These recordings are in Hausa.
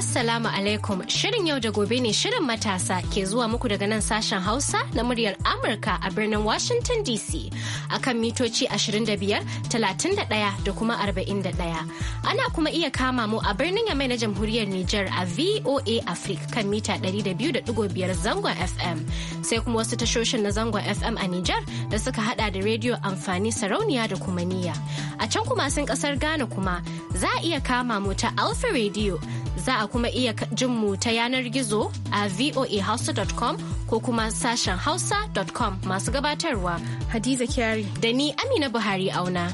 Assalamu alaikum shirin yau da gobe ne shirin matasa ke zuwa muku daga nan sashen Hausa na muryar Amurka a birnin Washington DC a kan mitoci 25, 31 da kuma 41. Ana kuma iya kama mu a birnin Yamai na jamhuriyar Nijar a VOA Africa kan mita 200.5 zangon FM. Sai kuma wasu tashoshin na zangon FM a Nijar da suka hada da rediyo amfani sarauniya da kuma niyya. A can kuma sun kasar Ghana kuma za a iya kama mu ta Alpha Radio za a kuma iya jin mu ta yanar gizo a voahausa.com ko kuma sashen hausa.com masu gabatarwa hadiza kyari da ni amina buhari auna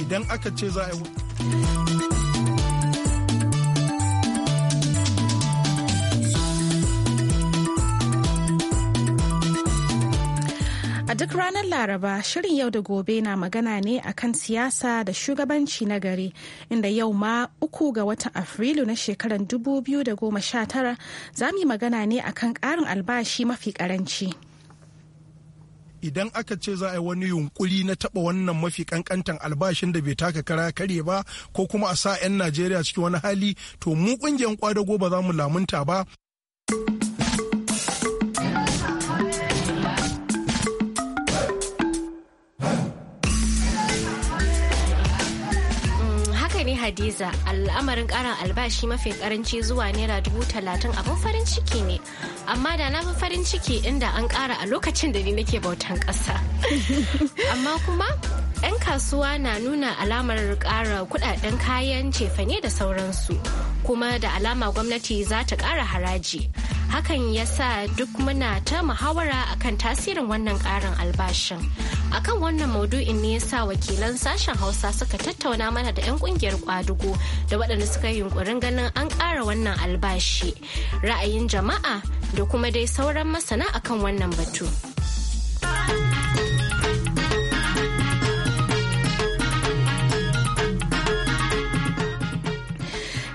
idan aka ce za a yi A duk ranar Laraba, shirin yau da gobe na magana ne akan siyasa da shugabanci na gari, inda yau ma uku ga watan Afrilu na shekarar 2019 za mu yi magana ne akan karin albashi mafi karanci. idan aka ce za a yi wani yunkuri na taɓa wannan mafi kankantan albashin da bai taka kara karye ba ko kuma a sa 'yan najeriya cikin wani hali to mu kungiyar kwadago ba za mu lamunta ba. Hadiza al'amarin karin albashi mafi karanci zuwa naira dubu talatin abin farin ciki ne amma da na fi farin ciki inda an kara a lokacin da ni nake bautan ƙasa amma kuma 'yan kasuwa na nuna alamar kara kuɗaɗen kayan cefane da sauransu kuma da alama gwamnati za ta kara haraji hakan ya sa duk muna ta muhawara akan tasirin wannan karin albashin akan wannan maudu'in ne ya sa wakilan sashen hausa suka tattauna mana da 'yan kungiyar kwadugo da waɗanda suka yi yunkurin ganin an ƙara wannan albashi ra'ayin jama'a da kuma dai sauran masana akan wannan batu.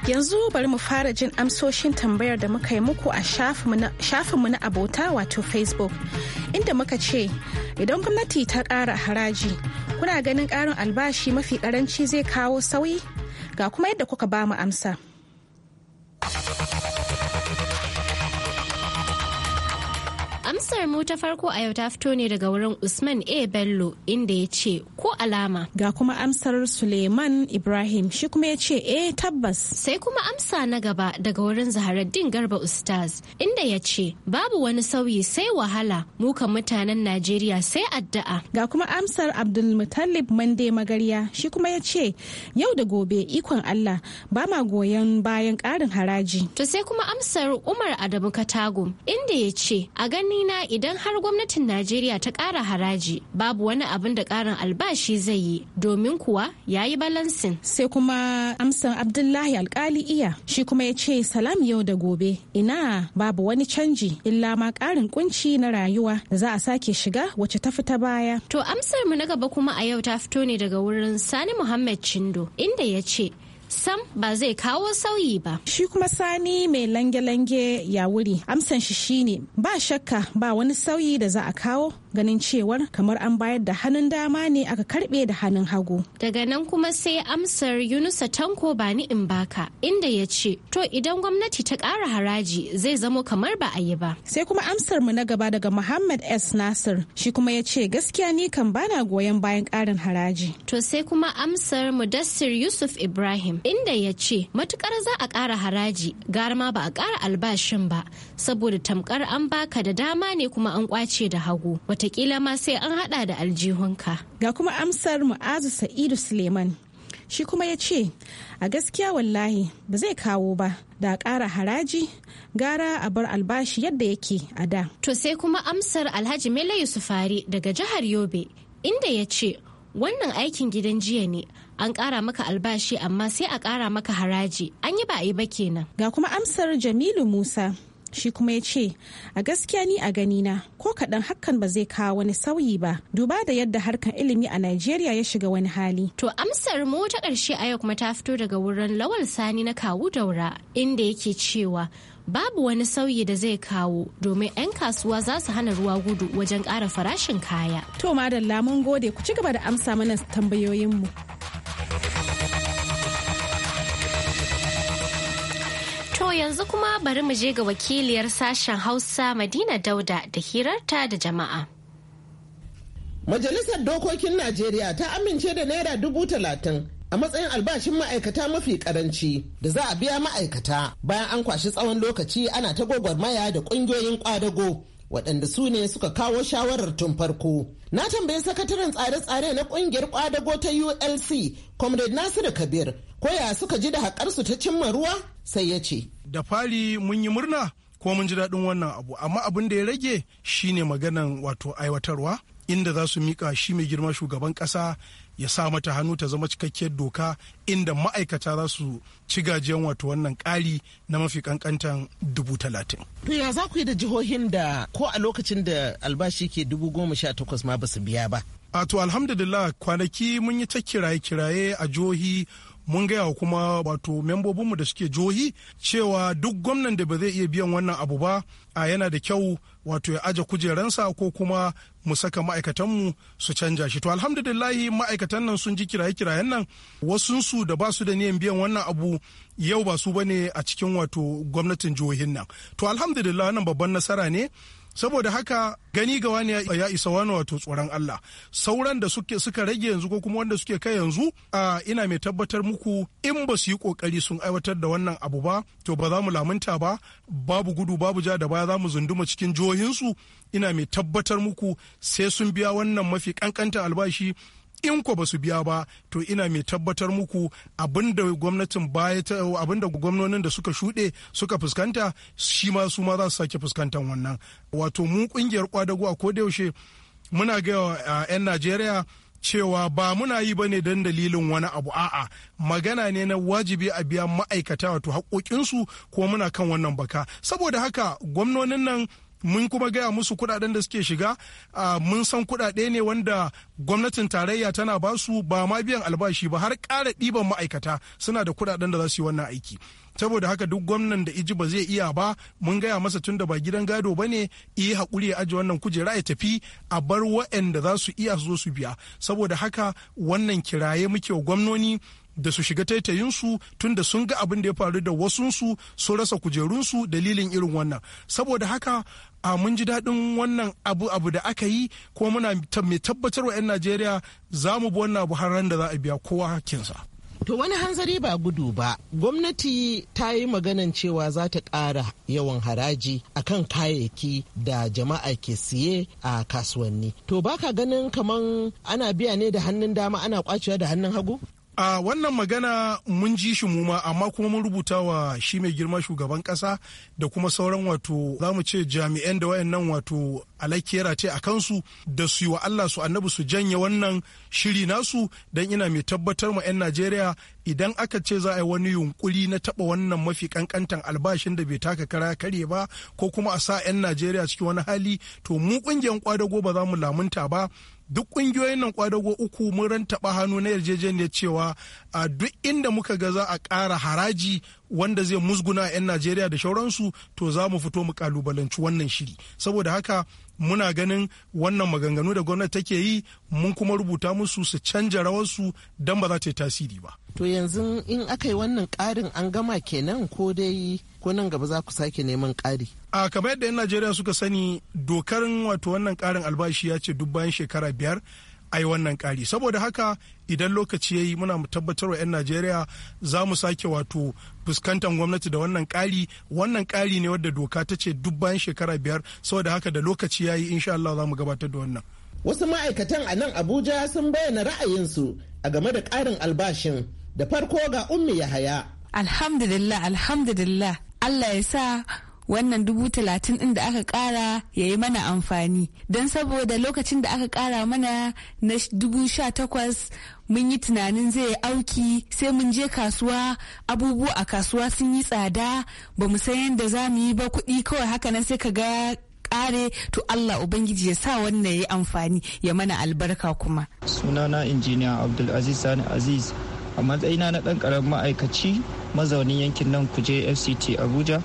Yanzu bari mu fara jin amsoshin tambayar da muka yi muku a shafinmu na abota wato Facebook, inda muka ce, idan gwamnati ta ƙara haraji, kuna ganin ƙarin albashi mafi ƙaranci zai kawo sauyi? Ga kuma yadda kuka ba mu amsa. Amsar mu ta farko a yau ta fito ne daga wurin Usman A. Bello inda ya ce ko alama. Ga kuma amsar Suleiman Ibrahim shi kuma ya ce eh tabbas. Sai kuma amsa na gaba daga wurin Zaharaddin Garba Ustaz inda ya ce babu wani sauyi sai wahala mu mutanen Najeriya sai addu'a. Ga kuma amsar Abdulmutallib Mande Magarya shi kuma ya ce yau da gobe ikon Allah ba ma goyon bayan karin haraji. To sai kuma amsar Umar Adamu Katago inda ya ce a gani na idan har gwamnatin najeriya ta ƙara haraji babu wani abin da ƙarin albashi zai yi domin kuwa ya yi balansin sai kuma amsan abdullahi alkali iya shi kuma ya ce salam yau da gobe ina babu wani canji illa ma ƙarin kunci na rayuwa da za a sake shiga wacce ta fita baya to amsar mu na gaba kuma a yau ta fito ne daga wurin sani muhammad chindo inda ya ce sam ba zai kawo sauyi ba. Shi kuma sani mai lange-lange ya wuri amsan shi shine ba shakka ba wani sauyi da za a kawo ganin cewar kamar an bayar da hannun dama ne aka karbe da hannun hagu. Daga nan kuma sai amsar Yunusa Tanko ba ni in baka inda ya ce to idan gwamnati ta ƙara haraji zai zamo kamar ba a yi ba. Sai kuma amsar mu na gaba daga Muhammad S Nasir shi kuma ya ce gaskiya ni kan bana goyon bayan ƙarin haraji. To sai kuma amsar Mudassir Yusuf Ibrahim inda ya ce matukar za a ƙara haraji gara ma ba a ƙara albashin ba saboda tamkar an baka da dama ne kuma an kwace da hagu wata watakila ma sai an hada da aljihunka. Ga kuma amsar Mu'azu Sa'idu Suleiman. Shi kuma ya ce, a gaskiya wallahi ba zai kawo ba da ƙara haraji gara a bar albashi yadda yake a da. To sai kuma amsar Alhaji Mele Yusufari daga jihar Yobe inda ya ce, wannan aikin gidan jiya ne an ƙara maka albashi amma sai a ƙara maka haraji an yi ba a yi ba kenan. Ga kuma amsar Jamilu Musa shi kuma ya ce a gaskiya ni a ganina ko kaɗan hakan ba zai kawo wani sauyi ba duba da yadda harkar ilimi a najeriya ya shiga wani hali to amsar mu ta ƙarshe a yau kuma ta fito daga wurin lawal sani na kawu daura inda yake cewa babu wani sauyi da zai kawo domin 'yan kasuwa za su hana ruwa gudu wajen ƙara farashin kaya to madalla mun gode ku ci gaba da amsa mana tambayoyinmu yanzu kuma bari mu je ga wakiliyar sashen Hausa Madina Dauda da hirarta da jama'a. Majalisar Dokokin Najeriya ta amince da Naira dubu talatin a matsayin albashin ma'aikata mafi karanci da za a biya ma'aikata bayan an kwashi tsawon lokaci ana ta gwagwarmaya da ƙungiyoyin ƙwadago. waɗanda su ne suka kawo shawarar tun farko. Na tambayi sakataren tsare-tsare na ƙungiyar ƙwadago ta ULC, Comrade Nasiru Kabir, ko ya suka ji da haƙarsu ta cimma ruwa sai ya ce da fari mun yi murna ko mun ji daɗin wannan abu amma abin da ya rage shine maganan wato aiwatarwa inda za su mika shi mai girma shugaban ƙasa ya sa mata hannu ta zama cikakkiyar doka inda ma'aikata za su ci gajiyan wato wannan ƙari na mafi ƙanƙantan dubu talatin. To ya za ku yi da jihohin da ko a lokacin da albashi ke dubu goma sha takwas ma ba su biya ba? A to alhamdulillah kwanaki mun yi ta kiraye-kiraye a jihohi mun gaya wa kuma wato membobinmu da suke jihohi cewa duk gwamnan da ba zai iya biyan wannan abu ba a yana da kyau wato ya aje kujeransa ko kuma mu saka ma'aikatanmu su canja shi to alhamdulillahi ma'aikatan nan sun ji kiraye-kirayen nan wasunsu da ba su da niyan biyan wannan abu yau ba su bane a cikin wato gwamnatin jihohin nan to alhamdulillah nan babban nasara ne saboda haka gani ga wani ya isa wani wato tsoron Allah sauran da suke suka rage yanzu ko kuma wanda suke kai yanzu a ina mai tabbatar muku in ba su yi kokari sun aiwatar da wannan abu ba to ba za mu lamunta ba babu gudu babu ja da baya za mu zunduma cikin jihohinsu ina mai tabbatar muku sai sun biya wannan mafi kankanta albashi in ko ba su biya ba to ina mai tabbatar muku abinda gwamnatin baya ta abinda gwamnonin da suka shuɗe suka fuskanta shi ma su ma za su sake fuskantar wannan wato mu kungiyar kwadago a ko yaushe muna ga wa 'yan najeriya cewa ba muna yi bane ne don dalilin wani abu a'a magana ne na wajibi a biya ma'aikata wato haƙoƙinsu ko muna kan wannan baka saboda haka gwamnonin nan mun kuma gaya musu kudaden da suke shiga mun san kudade ne wanda gwamnatin tarayya tana ba su ba ma biyan albashi ba har ƙara ɗiban ma'aikata suna da kudaden da za su yi wannan aiki saboda haka duk gwamnan da iji ba zai iya ba mun gaya masa tun da ba gidan gado ba ne iya haƙuri ya aji wannan kujera ya tafi a bar wa'anda za su iya su zo su biya saboda haka wannan kiraye muke wa gwamnoni da su shiga taitayinsu tun da sun ga abin da ya faru da wasunsu su rasa kujerunsu dalilin irin wannan saboda haka a mun ji daɗin wannan abu abu da aka yi ko muna mai tabbatar wa 'yan najeriya za mu bi wannan abu har ran da za a biya kowa hakkinsa To wani hanzari ba gudu ba, gwamnati ta yi maganan cewa za ta ƙara yawan haraji akan kayayyaki da jama'a ke siye a kasuwanni. To baka ganin kaman ana biya ne da hannun dama ana kwacewa da hannun hagu? a wannan magana mun ji shi mu ma amma kuma mun rubuta wa shi mai girma shugaban kasa da kuma sauran wato za mu ce jami'an da wayannan wato alakera ce a kansu da su yi wa Allah su annabi su janye wannan shiri nasu don ina mai tabbatar ma 'yan Najeriya idan aka ce za a yi wani yunkuri na taba wannan mafi kankantan albashin da bai taka kara kare ba ko kuma a sa 'yan Najeriya cikin wani hali to mu ƙungiyar kwadago ba za mu lamunta ba duk ƙungiyoyin nan kwadago uku mun rantaba hannu na yarjejeniyar cewa a duk inda muka ga za a ƙara haraji wanda zai musguna 'yan najeriya da shauransu to za mu fito mu kalubalanci wannan shiri saboda haka muna ganin wannan maganganu da gwamnati take yi mun kuma rubuta musu su canja rawarsu don ba za ta yi tasiri ba. To yanzu in aka yi wannan ƙarin an gama kenan ko dai ko nan gaba za ku sake neman ƙari. A kamar yadda 'yan Najeriya suka sani dokar wato wannan ƙarin albashi ya ce duk bayan shekara biyar a yi wannan kari saboda haka idan lokaci ya yi muna tabbatar wa 'yan najeriya za mu sake wato fuskantar gwamnati da wannan kari wannan kari ne wadda doka ta ce duk bayan shekara biyar saboda haka da lokaci ya yi insha Allah za mu gabatar da wannan wasu ma'aikatan a nan abuja sun bayyana su a game da karin albashin da farko ga ummi yahaya alhamdulillah alhamdulillah allah ya sa wannan dubu talatin ɗin da aka ƙara ya yi mana amfani don saboda lokacin da aka ƙara mana na dubu sha takwas mun yi tunanin zai auki sai mun je kasuwa abubuwa a kasuwa sun yi tsada ba mu san yadda za mu yi ba kuɗi kawai haka nan sai ka ga ƙare to Allah Ubangiji ya sa wannan ya yi amfani ya mana albarka kuma. Sunana injiniya Abdulaziz Sani Aziz a matsayina na ɗan ƙaramin ma'aikaci mazaunin yankin nan kuje FCT Abuja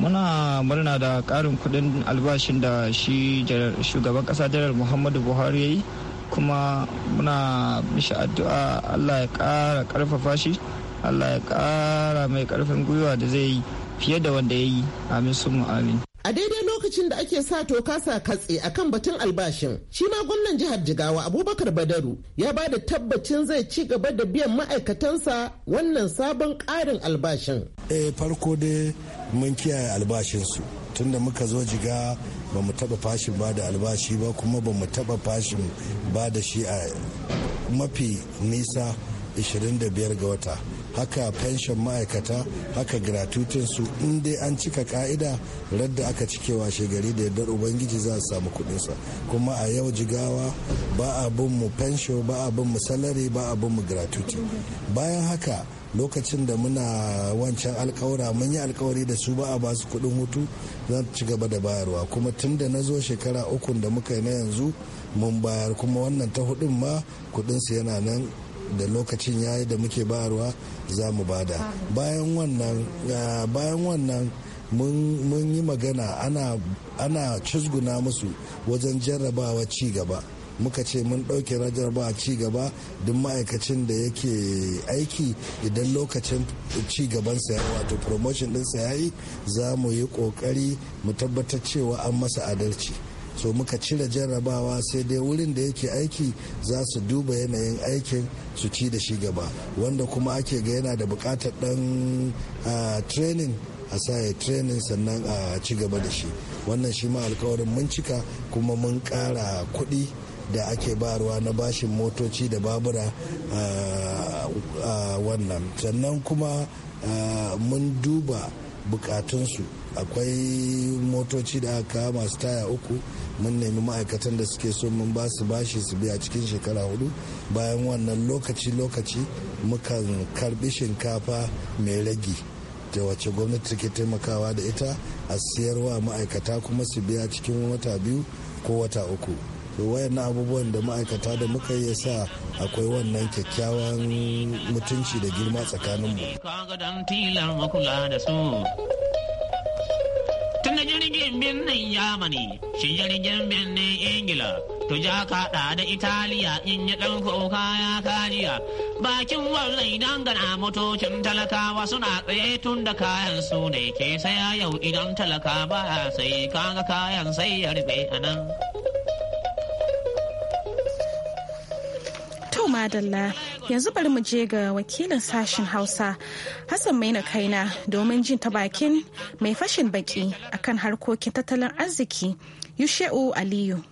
muna murna da karin kudin albashin da shi shugaban kasa janar muhammadu buhari ya yi kuma muna mishi addu'a allah ya kara karfafa shi allah ya kara mai karfin gwiwa da zai yi fiye da wanda ya yi amin sun amin A daidai lokacin da ake sa toka sa katse a kan batun albashin, shi ma gwamnan jihar Jigawa Abubakar Badaru ya ba da tabbacin zai ci gaba da biyan ma'aikatansa wannan sabon ƙarin albashin. Eh farko dai mun kiyaye albashinsu tunda muka zo jiga ba mu taɓa fashin ba da albashi ba kuma ba mu taɓa fashin ba da shi a mafi nisa 25 ga wata. haka fenshon ma'aikata haka gratuitin su in dai an cika ka'ida radda aka cikewa shegari da yardar ubangiji za a samu kuɗinsa kuma a yau jigawa ba a bin mu ba a bin mu salari ba a bin mu gratuity bayan haka lokacin da muna wancan alkawura mun yi alkawari da su ba a basu kuɗin hutu za ci gaba da bayarwa kuma tun da na zo shekara ukun da muka yi na yanzu mun bayar kuma wannan ta hudun ma kuɗinsu yana nan da lokacin yayi da muke bayarwa za mu bada bayan wannan bayan wannan mun yi magana ana, cusguna cizguna musu wajen jarrabawa ci gaba muka ce mun ɗauke jarrabawa ci gaba duk ma'aikacin da yake aiki idan lokacin ci gabansa ya wato promotion ɗinsa ya yi za mu yi ƙoƙari mu tabbatar cewa an masa adalci. so muka cire jarrabawa sai dai wurin da yake aiki za su duba yanayin aikin su ci da shi gaba wanda kuma ake ga yana da bukatar dan training a sa training sannan a ci gaba da shi wannan shi ma alkawarin mun cika kuma mun kara kuɗi da ake barwa na bashin motoci da babura a wannan sannan kuma mun duba bukatunsu akwai motoci da aka kawo masu taya uku mun nemi ma'aikatan da suke so mun ba su bashi su biya cikin shekara hudu bayan wannan lokaci-lokaci mukan karbi shinkafa mai ragi da wace gwamnati take taimakawa da ita a siyarwa ma'aikata kuma su biya cikin wata biyu ko wata uku to wayannan abubuwan da ma'aikata da muka yi sa akwai wannan kyakkyawan mutunci da girma tsakanin mu tun da jirgin birnin yamani shi jirgin birnin ingila to ja kaɗa da italiya in ya ɗan kuka ya kajiya bakin wannan idan gana motocin talakawa suna tsaye tun da kayan su ne ke saya yau idan talaka ba sai kaga kayan sai ya rufe a nan. madalla yanzu bari mu je ga wakilin sashen Hausa Hassan Maina Kaina domin jin ta bakin mai fashin baki akan harkokin tattalin arziki Yushe'u Aliyu.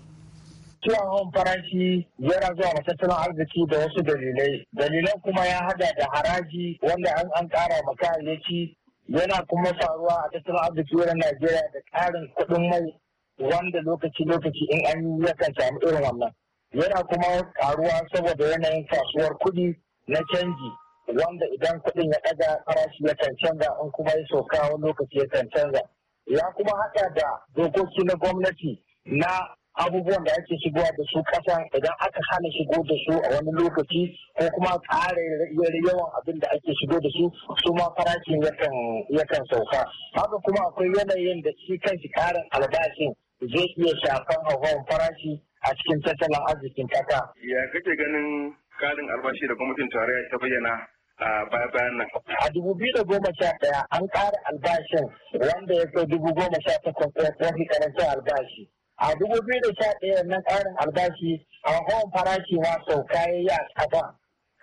Ciwon farashi yana zuwa na tattalin arziki da wasu dalilai. dalilai kuma ya hada da haraji wanda an kara ma kayayyaki yana kuma faruwa a tattalin arziki wurin Najeriya da ƙarin kuɗin mai wanda lokaci-lokaci in an yi yakan samu irin wannan. yana kuma karuwa saboda yanayin kasuwar kuɗi na canji wanda idan kuɗin ya ɗaga farashi yakan canza in kuma ya sauka wani lokaci yakan canza ya kuma haɗa da dokoki na gwamnati na abubuwan da ake shigowa da su ƙasa idan aka hana shigo da su a wani lokaci ko kuma ƙara yawan abin da ake shigo da su su ma farashin yakan sauka haka kuma akwai yanayin da shi kan shi ƙarin albashin zai iya shafan hawan farashi a cikin tattalin arzikin kasa. Ya kake ganin karin albashi da gwamnatin tarayya ta bayyana a baya-bayan nan. A dubu biyu da goma sha ɗaya an ƙara albashin wanda ya kai dubu goma sha takwas ɗaya fi ƙarancin albashi. A dubu biyu da sha ɗaya nan ƙarin albashi a hawan farashi ma sau kayayi a ƙasa.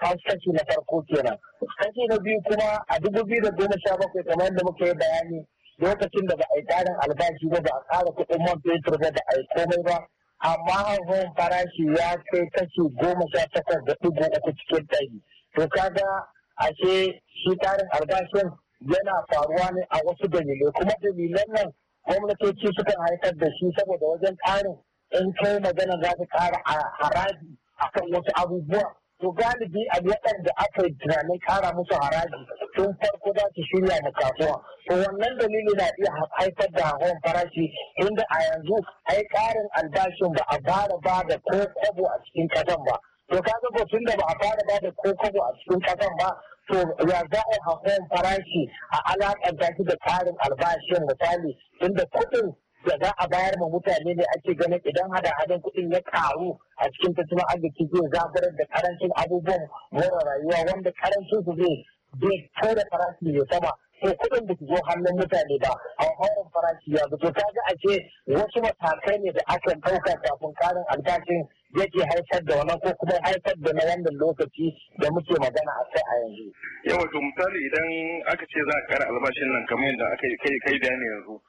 kashi na farko kenan. Kashi na biyu kuma a dubu biyu da goma sha bakwai kamar yadda muka yi bayani lokacin da ba a yi ƙarin albashi ba ba a ƙara kuɗin man fetur ba da a yi komai ba amma hauhawar farashi ya kai kashi goma sha takwas da ɗigo uku cikin ɗari to kaga ashe shi tarin albashin yana faruwa ne a wasu dalilai kuma dalilan nan gwamnatoci sukan haifar da shi saboda wajen ƙarin in kai magana za ta ƙara haraji akan wasu abubuwa to galibi a waɗanda aka yi tunanin kara musu haraji tun farko za su shirya mu kasuwa to wannan dalili na iya haifar da hawan farashi inda a yanzu ai ƙarin albashin ba a fara ba da ko kwabo a cikin ƙasan ba to ka ko tun da ba a fara ba da ko kwabo a cikin ƙasan ba to ya za a hawan farashi a alaƙanta shi da ƙarin albashin misali inda kuɗin da za a bayar ma mutane ne ake ganin idan hada hadin kuɗin ya karu a cikin tattalin arziki zai zaburar da karancin abubuwan more rayuwa wanda karancin su zai zai tura farashi ne sama ko kuɗin da su zo hannun mutane ba a horon farashi ya zato ta ga ake wasu matakai ne da aka ɗauka kafin karin albashin yake haifar da wannan ko kuma haifar da na wannan lokaci da muke magana a kai a yanzu. Yawa to misali idan aka ce za a kara albashin nan kamar yadda aka kai kai da yanzu.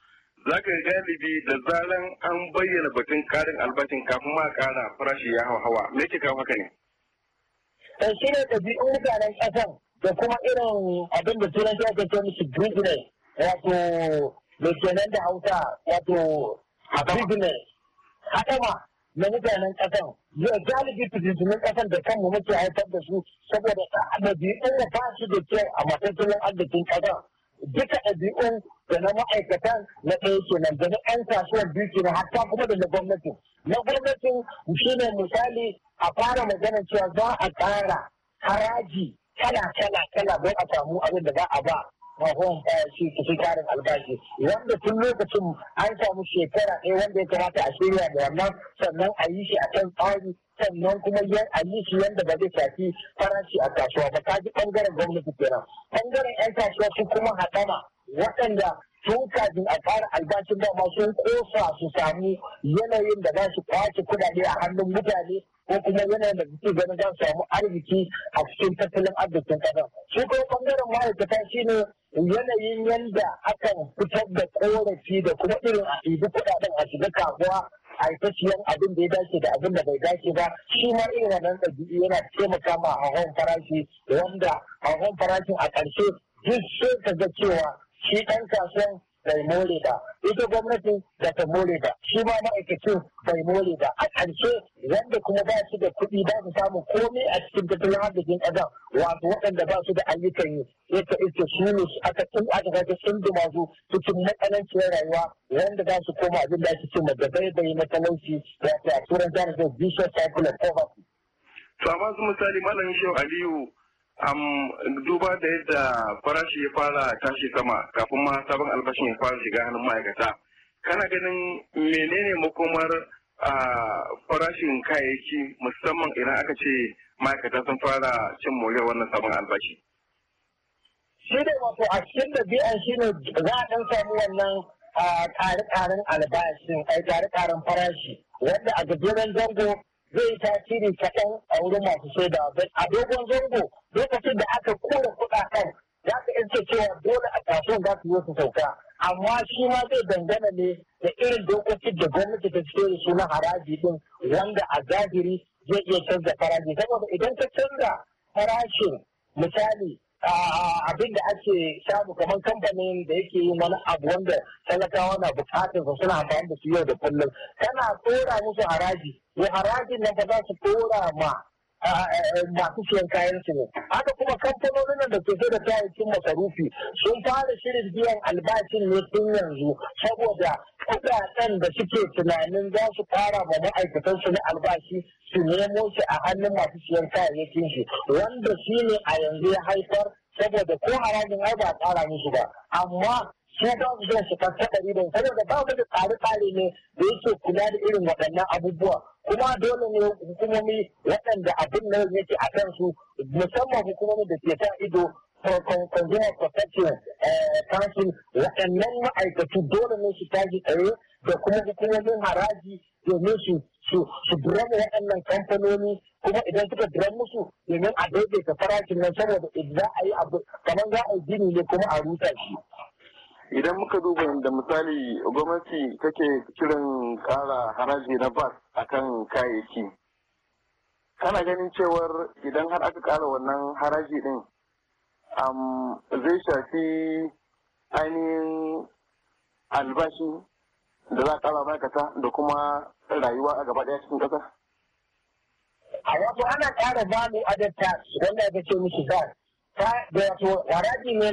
za ka galibi da zaran an bayyana batun karin albashin kafin ma kara farashi ya hawa me ke kawo haka ne dan eh, shi ne ɗabi'un mutanen ƙasan da kuma irin abin da turanci ake ce musu business wato mai kenan da hausa wato business hadama na mutanen ƙasan zai galibi fitintunan ƙasan da kanmu muke haifar da su saboda ɗabi'un da ba su da kyau a matattunan arzikin ƙasan duka ɗabi'un da na ma'aikatan na ɗaya kenan da na 'yan kasuwar biyu kenan hatta kuma da na gwamnatin na gwamnati shi ne misali a fara magana cewa za a ƙara haraji kala kala kala don a samu abin da za a ba kafin shi su fi karin albashi wanda tun lokacin an samu shekara ɗaya wanda ya kamata a shirya da wannan sannan a yi shi a kan tsari sannan kuma a yi shi yadda ba zai shafi farashi a kasuwa ba ta ji ɓangaren gwamnati kenan ɓangaren 'yan kasuwa su kuma haɗama waɗanda tun kafin a fara albashin dama sun kosa su sami yanayin da za su kwace kuɗaɗe a hannun mutane ko kuma yanayin da suke ganin za su samu arziki a cikin tattalin arzikin ƙasa. Shi kuma ɓangaren ma'aikata ne. yanayin yanda akan fitar da korafi da kuma irin a ibi kuɗaɗen a shiga kasuwa a yi siyan abin da ya dace da abin da bai dace ba shi ma irin wannan ɗabi'i yana taimaka ma hawan farashi wanda hawan farashin a ƙarshe duk sai ka ga cewa shi ɗan kasuwan bai more da ita gwamnati da ta more da shi ma ma'aikacin bai more da a ƙarshe wanda kuma ba su da kuɗi ba su samu komai a cikin tattalin arzikin ƙasa wato waɗanda ba su da ayyukan yi ita ita su ne aka tun aka kaka sun duma su cikin matsalanciyar rayuwa wanda za su koma abin da ake cewa da bai bai matsalanci wato a turan da bishop cycle of poverty. to su misali malamin shehu aliyu Um, duba da yadda farashi ya fara tashi sama kafin ma sabon albashin ya fara shiga hannun ma'aikata. Kana ganin menene makomar farashin kayayyaki musamman idan aka ce ma'aikata sun fara cin moriyar wannan sabon albashi? Shi ne wato a cikin da biyan shi ne za a ɗan sami wannan ƙari-ƙarin albashin, ai ƙari-ƙarin farashi. Wanda a gajeren zango zai yi tasiri kaɗan a wurin masu soja a dogon zango lokacin da aka kora kan, za ka iske cewa dole a kasuwan za su yi su sauka amma shi ma zai dangana ne da irin dokokin da gwamnati ta cike da su na haraji din wanda a zahiri zai iya canza farashi saboda idan ka canza farashin misali abin da ake samu kamar kamfanin da yake yin wani abu wanda talakawa na bukatar su suna amfani da su yau da kullum tana tsora musu haraji ya harajin nan ba za su tsora ma masu siyan kayan su ne haka kuma kamfanonin da ke da kayayyakin masarufi sun fara shirin biyan albashin ne tun yanzu saboda kudaden da suke tunanin za su fara ma ma'aikatan su na albashi su nemo shi a hannun masu siyan kayayyakin shi wanda shi ne a yanzu ya haifar saboda ko harajin ai ba a tsara musu ba amma shi ba su zuwa su saka saboda ba tsare-tsare ne da yake kula da irin waɗannan abubuwa kuma dole ne hukumomi waɗanda abin nan yake a kan su musamman hukumomi da ke sa ido consumer protection eh, council waɗannan ma'aikatu dole ne su tashi tsaye da kuma hukumomin haraji domin su su biran waɗannan kamfanoni kuma idan suka dira musu domin a daidaita farashin nan saboda idan za a yi abu kamar za a yi gini ne kuma a rusa shi idan muka duba da misali gwamnati take kiran kara haraji na bas a kan kayayyaki kana ganin cewar idan har aka kara wannan haraji din zai shafi ainihin albashi da za a kara ma'aikata da kuma rayuwa a gaba daya cikin kasa a wasu, ana kara bamu adatta wanda aka ce musu bas wato haraji ne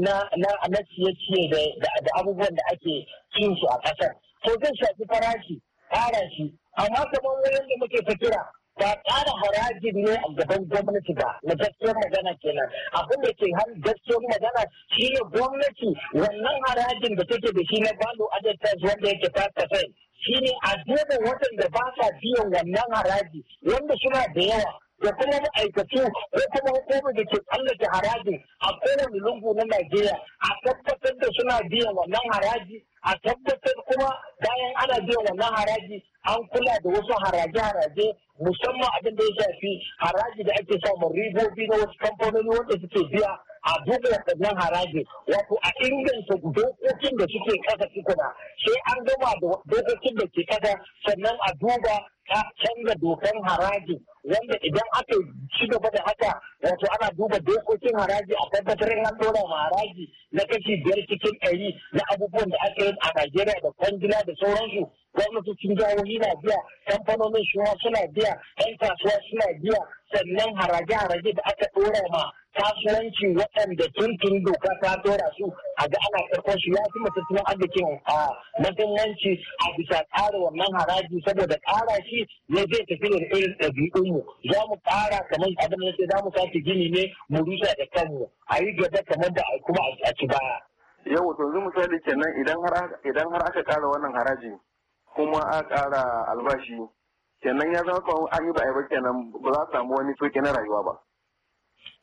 na ciye-ciye da abubuwan da ake cin su a ƙasar. To zai shafi farashi, ƙara shi, amma kamar wani da muke fikira ba ƙara haraji ne a gaban gwamnati ba na gaskiyar magana kenan abin da ke har gaskiyar magana shi ne gwamnati wannan harajin da take da shi na balo added wanda yake tax shi ne a watan da ba sa biyan wannan haraji wanda suna da yawa da kuma ma'aikatu ko kuma hukumar da ke tsallake haraji a kowane lungu na Najeriya a tabbatar da suna biyan wannan haraji a tabbatar kuma bayan ana biyan wannan haraji an kula da wasu haraje-haraje musamman abin da ya shafi haraji da ake samun ribobi na wasu kamfanoni wanda suke biya a duba waɗannan haraji wato a inganta dokokin da suke ƙasa tukuna sai an gama da dokokin da ke ƙasa sannan a duba ta canza dokan haraji wanda idan aka ci gaba da haka wato ana duba dokokin haraji a tabbatar an dora ma haraji na kashi biyar cikin ɗari na abubuwan da aka yi a Najeriya da kwangila da sauransu gwamnatocin jihohi na biya kamfanonin shuwa suna biya yan kasuwa suna biya waɗannan haraje-haraje da aka ɗora ma kasuwanci waɗanda tuntun doka ta ɗora su a ga ana karɓar shi ya fi matattunan arzikin a mahimmanci a bisa ƙara wannan haraji saboda ƙara shi ne zai tafi da irin ɗabi'unmu za mu ƙara kamar abin da za mu sake gini ne mu rusa da kanmu a yi gaba kamar da kuma a ci baya. yau to yanzu misali kenan idan har aka ƙara wannan haraji kuma a ƙara albashi kenan ya zama kawai an yi ba a yi ba kenan ba za a samu wani sauki na rayuwa ba.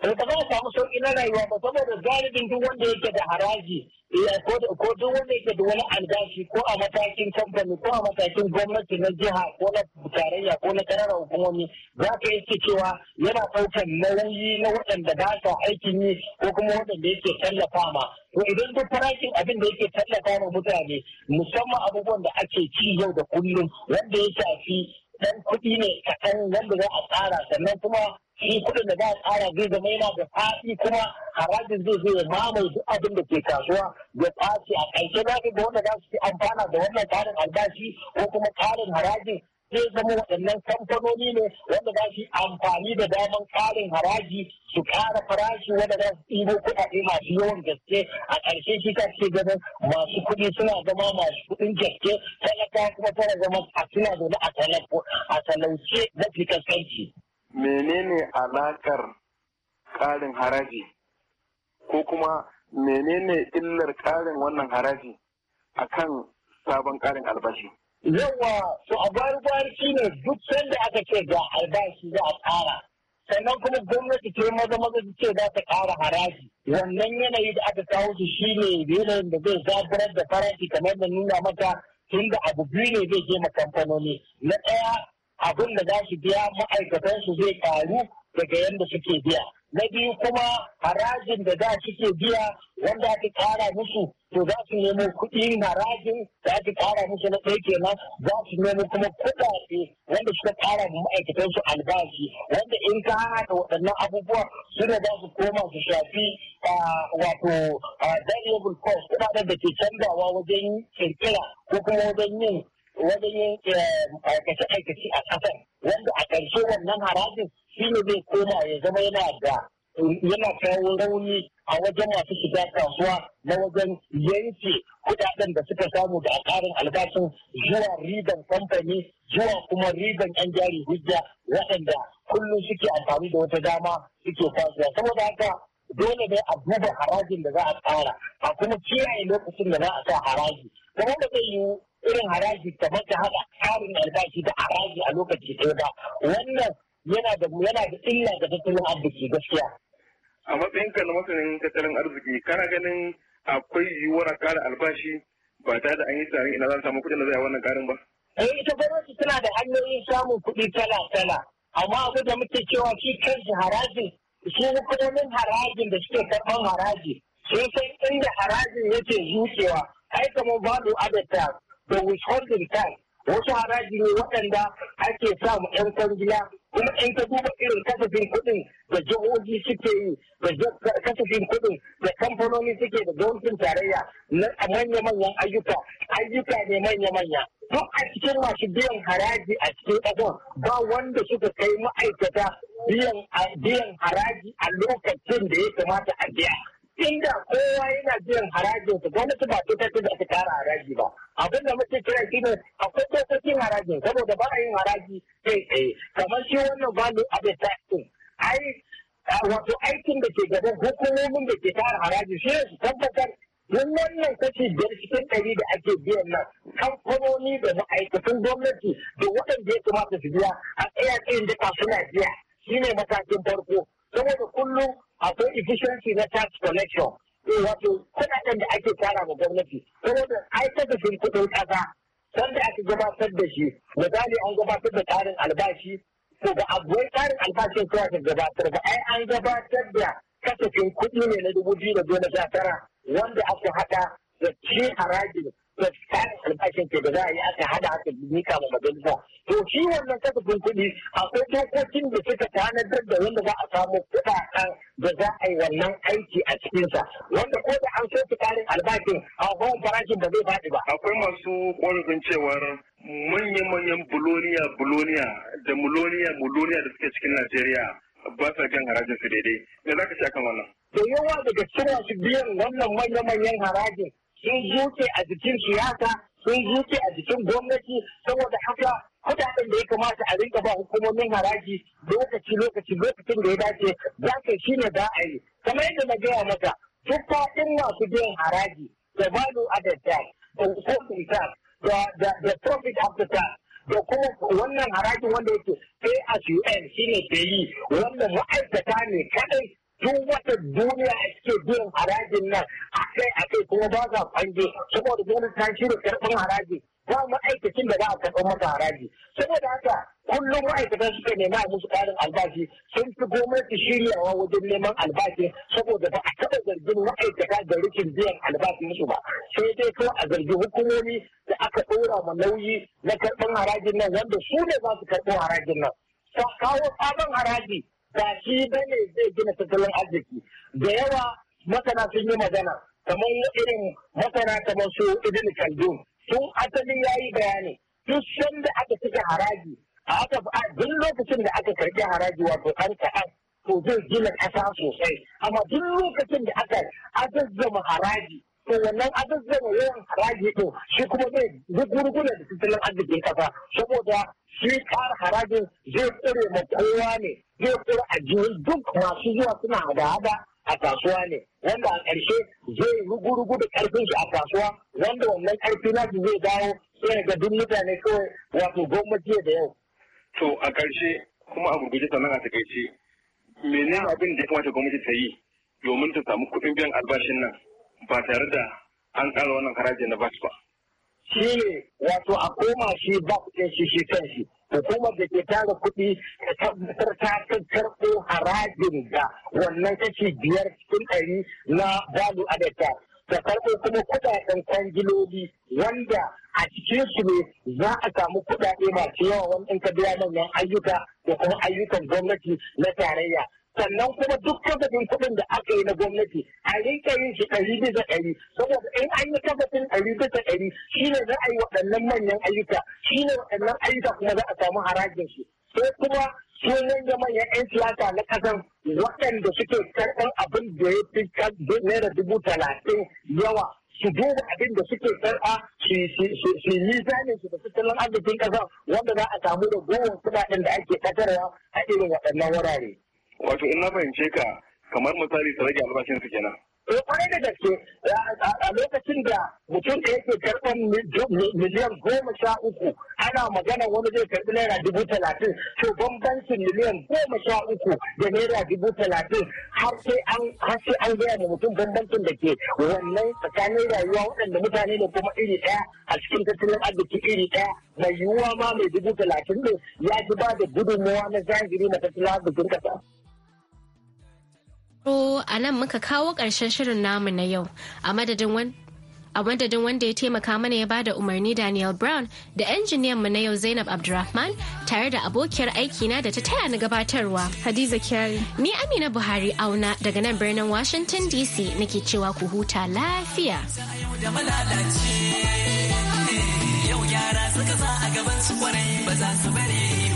ka eh, za a samu sauki na rayuwa ba saboda galibin duk wanda yake da haraji eh, ko duk wanda yake da wani albashi ko a matakin kamfani ko a matakin gwamnati na jiha ko na tarayya ko na karara hukumomi za ka yake cewa yana ɗaukar nauyi na waɗanda ba sa aikin yi ko kuma waɗanda yake tallafa ma to idan duk farashin abin da yake tallafa ma mutane musamman abubuwan da ake ci yau da kullum wanda ya shafi ɗan kuɗi ne kaɗan wanda za a tsara sannan kuma shi kuɗin da za a tsara zai zama yana da faɗi kuma harajin zai zo ya mamaye duk abin da ke kasuwa ya ɓaci a ƙarshe za ka ga wanda za su fi amfana da wannan tsarin albashi ko kuma tsarin harajin zai zama waɗannan kamfanoni ne wanda za su amfani da daman ƙarin haraji su ƙara farashi wanda za su ɗibo kuɗaɗe masu yawan gaske a ƙarshe shi ka ce ganin masu kuɗi suna zama masu kuɗin gaske talaka kuma tana zama a suna zama a talauce na kaskanci. menene alakar ƙarin haraji ko kuma menene illar ƙarin wannan haraji akan sabon ƙarin albashi? Yawa, su a gwari-gwari shi ne duk sanda aka ce ga albashi za a ƙara. Sannan kuma gwamnati ce maza maza su ce za ta ƙara haraji. Wannan yanayi da aka kawo shi shi ne yanayin da zai zaburar da farashi kamar da nuna mata, tun da abu biyu ne zai je ma kamfanoni. Na ɗaya abin da za su biya ma'aikatan su zai ƙaru daga yadda suke biya. na biyu kuma harajin da za su ke biya wanda aka kara musu to za su nemo kuɗi harajin da aka kara musu na ɗaya kenan za su nemo kuma kuɗaɗe wanda suka kara ma'aikatan su albashi wanda in ka haɗa waɗannan abubuwa suna za su koma su shafi wato variable cost kuɗaɗen da ke canzawa wajen kirkira ko kuma wajen yin wajen yin eh, aikace-aikace a ƙasar wanda a ƙarshe wannan harajin shi ne zai koma ya zama yana da yana kawo rauni a wajen masu shiga kasuwa na wajen yanke kudaden da suka samu da ƙarin albashin zuwa riban kamfani zuwa kuma riban yan jari hujja waɗanda kullum suke amfani da wata dama suke kasuwa saboda haka dole ne a duba harajin da za a tsara a kuma kiyaye lokacin da za a sa haraji kamar da zai yiwu irin haraji kamar da haka tsarin albashi da haraji a lokaci ɗaya ba wannan yana da yana da illa ga tattalin arziki gaskiya a matsayinka na masanin tattalin arziki kana ganin akwai yiwuwar ƙara albashi ba tare da an yi tsarin ina za samu kuɗin da zai wannan ƙarin ba eh ita gwamnati tana da hanyoyin samun kuɗi tala tala amma abu da muke cewa shi kanshi harajin su hukumomin harajin da suke karɓar haraji sun san inda harajin yake zucewa ai kamar babu adata da withholding tax wasu haraji ne waɗanda ake samu mu 'yan kwangila kuma in ka duba irin kasafin kuɗin da jihohi suke yi da kasafin kuɗin da kamfanoni suke da gwamnatin tarayya na manya-manyan ayyuka ayyuka ne manya-manya duk a cikin masu biyan haraji a cikin ƙasar ba wanda suka kai ma'aikata biyan haraji a lokacin da ya kamata a biya inda kowa yana biyan harajin su gwamnati ba ta tafi da ta tara haraji ba abin da muke kira shi akwai dokokin harajin saboda ba a yin haraji kai tsaye kamar shi wannan value added tax din ai wato aikin da ke gaban hukumomin da ke tara haraji shi su tabbatar don wannan kashi biyar cikin ɗari da ake biyan nan kamfanoni da ma'aikatan gwamnati da waɗanda ya kamata su biya a tsaya tsayin da suna biya shine matakin farko saboda kullum akwai efficiency na tax collection eh, wato kuɗaɗen da ake sara ma gwamnati saboda ai kasafin kuɗin ƙasa sanda aka gabatar da shi misali an gabatar da tsarin albashi to ba buwai tsarin albashin kawai ka gabatar ba ai an gabatar da kasafin kuɗi ne na dubu biyu da goma sha tara wanda aka haɗa da ci harajin tsarin albashin ke da za a yi aka hada aka nika ma majalisa to shi wannan kasafin kuɗi akwai dokokin da suka tanadar da wanda za a samu kuɗaɗen da za a yi wannan aiki a cikinsa wanda ko da an soke tsarin albashin a hawan farashin ba zai faɗi ba. akwai masu ƙorafin cewar manyan-manyan buloniya-buloniya da muloniya-muloniya da suke cikin najeriya ba sa jan harajin su daidai me za ka ce akan wannan. da yawa daga cikin biyan wannan manya-manyan harajin sun huce a jikin siyasa sun huce a jikin gwamnati saboda haka kudaden da ya kamata a rinka ba hukumomin haraji lokaci lokaci lokacin da ya dace za ka shi ne za a yi kamar yadda na gaya maka duk faɗin masu biyan haraji da value added tax da withholding tax da profit after tax da kuma wannan harajin wanda yake ASUN shine ke yi wanda ma'aikata ne kadai duk wata duniya a cikin biyan harajin nan a kai a kai kuma ba sa fange saboda gwamnati ta shirya karɓar haraji ba ma'aikacin da za a karɓar masa haraji saboda haka kullum ma'aikatan suka nema a musu ƙarin albashi sun fi gwamnati shiryawa wajen neman albashi saboda ba a taɓa zargin ma'aikata da rikin biyan albashi su ba sai dai kawai a zargi hukumomi da aka ɗora ma nauyi na karɓar harajin nan wanda su ne za su karɓo harajin nan. kawo sabon haraji ba shi ba ne zai gina tattalin arziki da yawa masana sun yi magana kamar irin masana kamar su idin kaldun sun asalin ya yi bayani duk sanda aka cika haraji a aka duk lokacin da aka karɓi haraji wato an ta'an to zai gina ƙasa sosai amma duk lokacin da aka azazzama haraji to wannan azazzana yawan haraji to shi kuma zai gurgurgula da tattalin arzikin kasa saboda shi kar harajin zai tsire ma kowa ne zai tsire a jihun duk masu zuwa suna hada-hada a kasuwa ne wanda a ƙarshe zai yi gurgu da ƙarfin shi a kasuwa wanda wannan ƙarfi su zai dawo sai ga duk mutane kawai wato gwamnati da yau. To a ƙarshe kuma a gurguje sannan a takaice menene abin da ya kamata gwamnati ta yi domin ta samu kuɗin biyan albashin nan ba tare da an ƙara wannan harajin na bas ba. Shi ne wato a koma shi ba kuɗin shi shi kan shi. Hukumar da ke tara kuɗi ta tabbatar ta karɓo harajin da wannan kashi biyar cikin ɗari na balu adadda. Ta farko kuma kuɗaɗen kwangiloli wanda a cikin su ne za a samu kuɗaɗe masu yawa wanda in ka biya manyan ayyuka da kuma ayyukan gwamnati na tarayya. sannan kuma duk kasafin kuɗin da aka yi na gwamnati a rinka yin shi ɗari bisa ɗari saboda in an yi kafafin ɗari bisa ɗari shi ne za a yi waɗannan manyan ayyuka shi ne waɗannan ayyuka kuma za a samu harajin shi sai kuma sun rage manyan 'yan siyasa na ƙasan waɗanda suke karɓar abin da ya fi naira dubu talatin yawa su duba abin da suke karɓa su yi mizanin su da tattalin arzikin ƙasa wanda za a samu da gowar kuɗaɗen da ake ƙatarwa a irin waɗannan wurare. Wato in na fahimce ka kamar misali ta rage albashin su kenan. To eh, kwarai da gaske a lokacin da mutum da yake karɓar miliyan goma sha uku ana magana wani zai karɓi naira dubu talatin to bambancin miliyan goma sha uku da naira dubu talatin har sai an har sai an gaya ma mutum bambancin da ke wannan tsakanin rayuwa waɗanda mutane ne kuma iri ɗaya a cikin tattalin arziki iri ɗaya mai yiwuwa ma mai dubu talatin ne ya ji ba da gudunmawa na zahiri na tattalin arzikin ƙasa. a nan muka kawo ƙarshen shirin namu na yau a madadin wanda ya taimaka mana ya bada umarni Daniel Brown da injiniyan mu na yau Zainab Abdulrahman tare da abokiyar aikina da ta taya ni gabatarwa. Hadiza Kyari. Ni Amina Buhari auna daga nan birnin Washington DC nake cewa ku huta lafiya. Yau yara suka za a gaban su kwarai ba za su bari